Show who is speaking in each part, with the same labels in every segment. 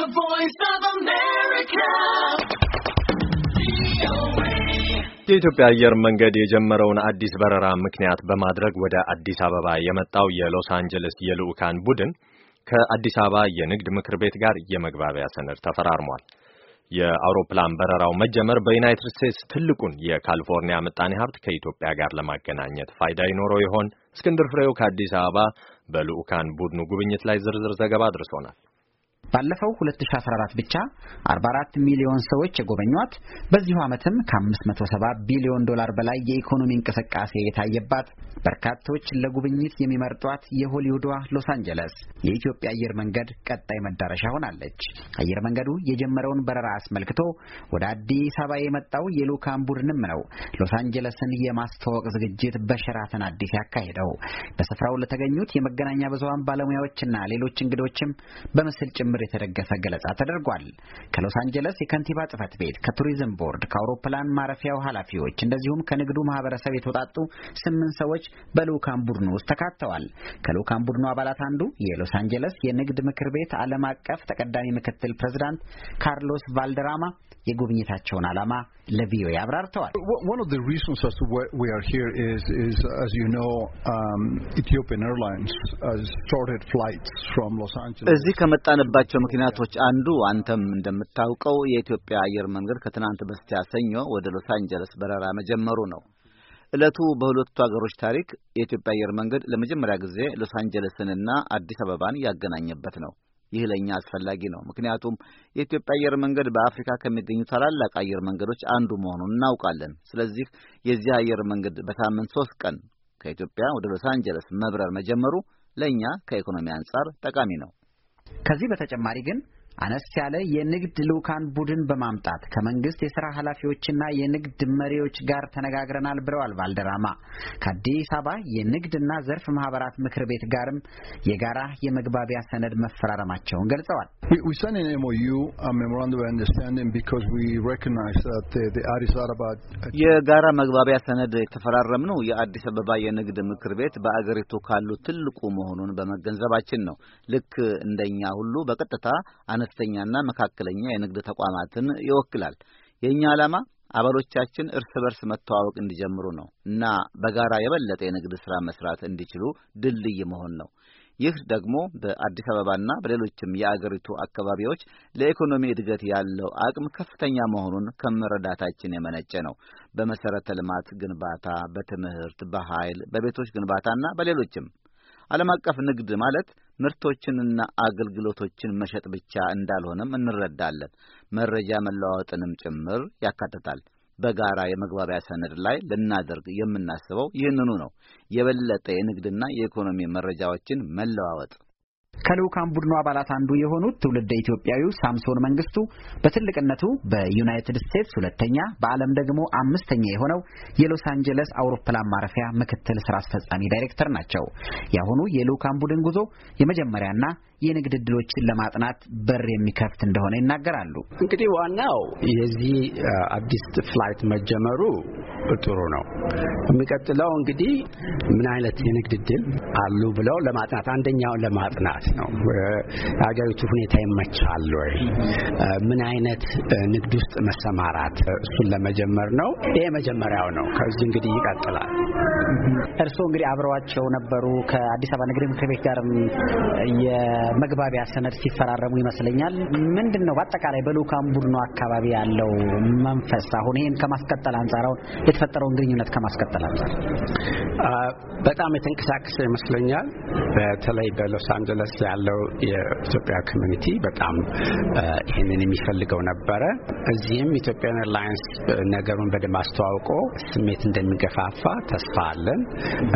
Speaker 1: The Voice of America.
Speaker 2: የኢትዮጵያ አየር መንገድ የጀመረውን አዲስ በረራ ምክንያት በማድረግ ወደ አዲስ አበባ የመጣው የሎስ አንጀለስ የልዑካን ቡድን ከአዲስ አበባ የንግድ ምክር ቤት ጋር የመግባቢያ ሰነድ ተፈራርሟል። የአውሮፕላን በረራው መጀመር በዩናይትድ ስቴትስ ትልቁን የካሊፎርኒያ ምጣኔ ሀብት ከኢትዮጵያ ጋር ለማገናኘት ፋይዳ ይኖረው ይሆን? እስክንድር ፍሬው ከአዲስ አበባ በልዑካን ቡድኑ ጉብኝት ላይ ዝርዝር ዘገባ አድርሶናል።
Speaker 3: ባለፈው 2014 ብቻ 44 ሚሊዮን ሰዎች የጎበኟት በዚሁ ዓመትም ከ570 ቢሊዮን ዶላር በላይ የኢኮኖሚ እንቅስቃሴ የታየባት በርካቶች ለጉብኝት የሚመርጧት የሆሊውዷ ሎስ አንጀለስ የኢትዮጵያ አየር መንገድ ቀጣይ መዳረሻ ሆናለች። አየር መንገዱ የጀመረውን በረራ አስመልክቶ ወደ አዲስ አበባ የመጣው የልዑካን ቡድንም ነው ሎስ አንጀለስን የማስተዋወቅ ዝግጅት በሸራተን አዲስ ያካሄደው። በስፍራው ለተገኙት የመገናኛ ብዙሃን ባለሙያዎችና ሌሎች እንግዶችም በምስል ጭምር በትብብር የተደገፈ ገለጻ ተደርጓል። ከሎስ አንጀለስ የከንቲባ ጽህፈት ቤት፣ ከቱሪዝም ቦርድ፣ ከአውሮፕላን ማረፊያው ኃላፊዎች እንደዚሁም ከንግዱ ማህበረሰብ የተውጣጡ ስምንት ሰዎች በልዑካን ቡድኑ ውስጥ ተካተዋል። ከልዑካን ቡድኑ አባላት አንዱ የሎስ አንጀለስ የንግድ ምክር ቤት ዓለም አቀፍ ተቀዳሚ ምክትል ፕሬዝዳንት ካርሎስ ቫልደራማ የጉብኝታቸውን ዓላማ ለቪኦኤ አብራርተዋል።
Speaker 1: እዚህ ከመጣንባቸው ከሚያደርጋቸው ምክንያቶች አንዱ አንተም እንደምታውቀው የኢትዮጵያ አየር መንገድ ከትናንት በስቲያ ሰኞ ወደ ሎስ አንጀለስ በረራ መጀመሩ ነው። እለቱ በሁለቱ አገሮች ታሪክ የኢትዮጵያ አየር መንገድ ለመጀመሪያ ጊዜ ሎስ አንጀለስንና አዲስ አበባን ያገናኘበት ነው። ይህ ለእኛ አስፈላጊ ነው፣ ምክንያቱም የኢትዮጵያ አየር መንገድ በአፍሪካ ከሚገኙ ታላላቅ አየር መንገዶች አንዱ መሆኑን እናውቃለን። ስለዚህ የዚህ አየር መንገድ በሳምንት ሶስት ቀን ከኢትዮጵያ ወደ ሎስ አንጀለስ መብረር መጀመሩ ለእኛ ከኢኮኖሚ አንጻር ጠቃሚ ነው። ከዚህ በተጨማሪ ግን
Speaker 3: አነስ ያለ የንግድ ልዑካን ቡድን በማምጣት ከመንግስት የስራ ኃላፊዎችና የንግድ መሪዎች ጋር ተነጋግረናል ብለዋል ባልደራማ። ከአዲስ አበባ የንግድና ዘርፍ ማህበራት ምክር ቤት ጋርም የጋራ የመግባቢያ ሰነድ መፈራረማቸውን ገልጸዋል።
Speaker 1: የጋራ መግባቢያ ሰነድ የተፈራረምነው የአዲስ አበባ የንግድ ምክር ቤት በአገሪቱ ካሉ ትልቁ መሆኑን በመገንዘባችን ነው። ልክ እንደኛ ሁሉ በቀጥታ አነስተኛና መካከለኛ የንግድ ተቋማትን ይወክላል። የእኛ ዓላማ አባሎቻችን እርስ በርስ መተዋወቅ እንዲጀምሩ ነው እና በጋራ የበለጠ የንግድ ሥራ መስራት እንዲችሉ ድልድይ መሆን ነው። ይህ ደግሞ በአዲስ አበባና በሌሎችም የአገሪቱ አካባቢዎች ለኢኮኖሚ እድገት ያለው አቅም ከፍተኛ መሆኑን ከመረዳታችን የመነጨ ነው። በመሰረተ ልማት ግንባታ፣ በትምህርት፣ በኃይል፣ በቤቶች ግንባታና በሌሎችም ዓለም አቀፍ ንግድ ማለት ምርቶችንና አገልግሎቶችን መሸጥ ብቻ እንዳልሆነም እንረዳለን። መረጃ መለዋወጥንም ጭምር ያካትታል። በጋራ የመግባቢያ ሰነድ ላይ ልናደርግ የምናስበው ይህንኑ ነው። የበለጠ የንግድና የኢኮኖሚ መረጃዎችን መለዋወጥ
Speaker 3: ከልዑካን ቡድኑ አባላት አንዱ የሆኑት ትውልደ ኢትዮጵያዊው ሳምሶን መንግስቱ በትልቅነቱ በዩናይትድ ስቴትስ ሁለተኛ በዓለም ደግሞ አምስተኛ የሆነው የሎስ አንጀለስ አውሮፕላን ማረፊያ ምክትል ስራ አስፈጻሚ ዳይሬክተር ናቸው። ያሁኑ የልዑካን ቡድን ጉዞ የመጀመሪያና የንግድ እድሎችን ለማጥናት በር የሚከፍት
Speaker 2: እንደሆነ ይናገራሉ። እንግዲህ ዋናው የዚህ አዲስ ፍላይት መጀመሩ ጥሩ ነው። የሚቀጥለው እንግዲህ ምን አይነት የንግድ እድል አሉ ብለው ለማጥናት አንደኛውን ለማጥናት ነው። የሀገሪቱ ሁኔታ ይመቻል ወይ፣ ምን አይነት ንግድ ውስጥ መሰማራት እሱን ለመጀመር ነው። ይሄ መጀመሪያው ነው። ከዚህ እንግዲህ ይቀጥላል። እርስዎ እንግዲህ አብረዋቸው ነበሩ
Speaker 3: ከአዲስ አበባ ንግድ ምክር ቤት ጋር መግባቢያ ሰነድ ሲፈራረሙ ይመስለኛል። ምንድን ነው በአጠቃላይ በልኡካን ቡድኑ አካባቢ ያለው መንፈስ አሁን ይህን ከማስቀጠል አንጻር አሁን የተፈጠረውን ግንኙነት ከማስቀጠል አንጻር
Speaker 2: በጣም የተንቀሳቀሰ ይመስለኛል። በተለይ በሎስ አንጀለስ ያለው የኢትዮጵያ ኮሚኒቲ በጣም ይህንን የሚፈልገው ነበረ። እዚህም ኢትዮጵያን ኤርላይንስ ነገሩን በደንብ አስተዋውቆ ስሜት እንደሚገፋፋ ተስፋ አለን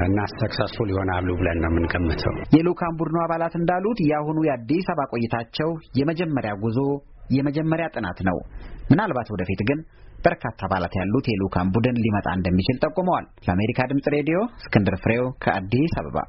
Speaker 2: እና ሰክሰስፉል ይሆናሉ ብለን ነው የምንገምተው።
Speaker 3: የልኡካን ቡድኑ አባላት እንዳሉት የአሁኑ የአዲስ አበባ ቆይታቸው የመጀመሪያ ጉዞ የመጀመሪያ ጥናት ነው። ምናልባት ወደፊት ግን በርካታ አባላት ያሉት የልዑካን ቡድን ሊመጣ እንደሚችል ጠቁመዋል። ለአሜሪካ ድምፅ ሬዲዮ እስክንድር ፍሬው ከአዲስ አበባ